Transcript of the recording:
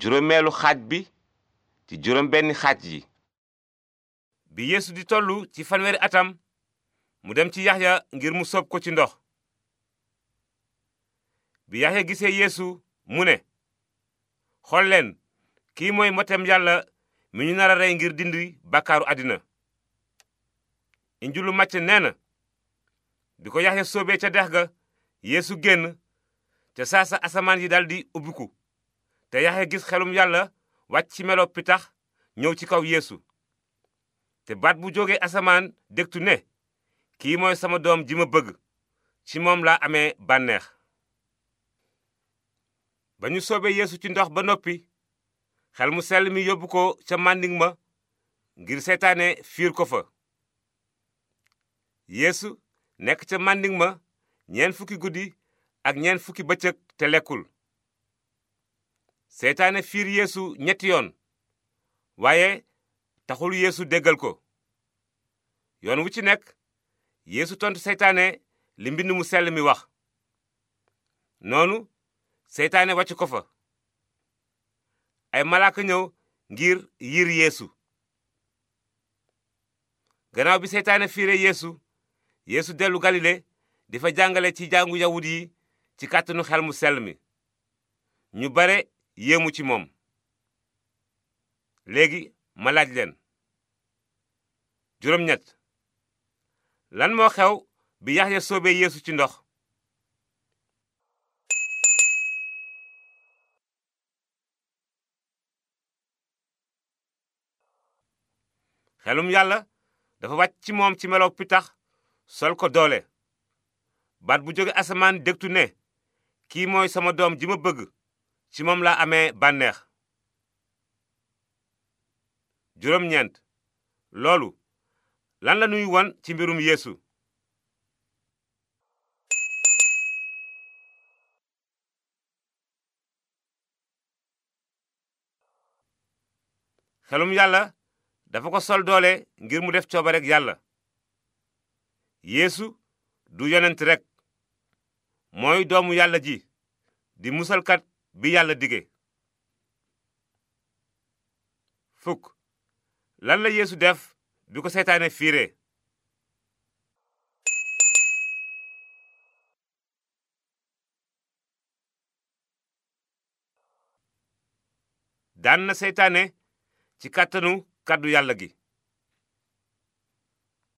juróomeelu xaaj bi ci juróom benni xaaj yi bi yeesu di tollu ci fanweeri atam mu dem ci ya ngir mu soob ko ci ndox bi yaxya gisee yéesu mu ne xool leen kii mooy motem yàlla mi ñu nar a ngir dindi bakaaru àddina injilu màcc nee na bi ko yaxya soobee ca dex ga yéesu génn ca saasa asamaan yi daldi ubbiku te yaxe gis xelum yàlla wàcc ci melo pitax ñëw ci kaw yéesu te baat bu jóge asamaan dégtu ne kii mooy sama doom ji ma bëgg ci moom laa amee bànneex ba ñu soobee yéesu ci ndox ba noppi xel mu sell mi yóbbu ko ca màndiŋ ma ngir seytaane fiir ko fa yéesu nekk ca màndiŋ ma ñeent fukki guddi ak ñeent fukki bëccëg te lekkul seytaane fiir yeesu ñetti yoon waaye taxul yéesu déggal ko yoon wu ci nekk yéesu tontu seytaane li mbind mu sell mi wax noonu seytaane wàcc ko fa ay malaaka ñëw ngir yiir yéesu gannaaw bi seytaane fiire yéesu yéesu dellu galile di fa jàngale ci jàngu yawut yi ci kàttanu xel mu sell mi ñu bare yéemu ci moom léegi ma laaj leen juróom lan moo xew bi Yaxya soobee yéesu ci ndox xelum yàlla dafa wàcc ci moom ci meloo pitax sol ko doole baat bu jóge asamaan dégtu ne kii mooy sama doom ji ma bëgg ci moom laa amee bànneex juróom ñeent loolu lan la nuy won ci mbirum yéesu xelum yàlla dafa ko sol doole ngir mu def coobarek yàlla yéesu du yonent rekk mooy doomu yàlla ji di musalkat bi yàlla dige fukk lan la yéesu def bi ko seytaane fiire daan na seytaane ci kàttanu kàddu yàlla gi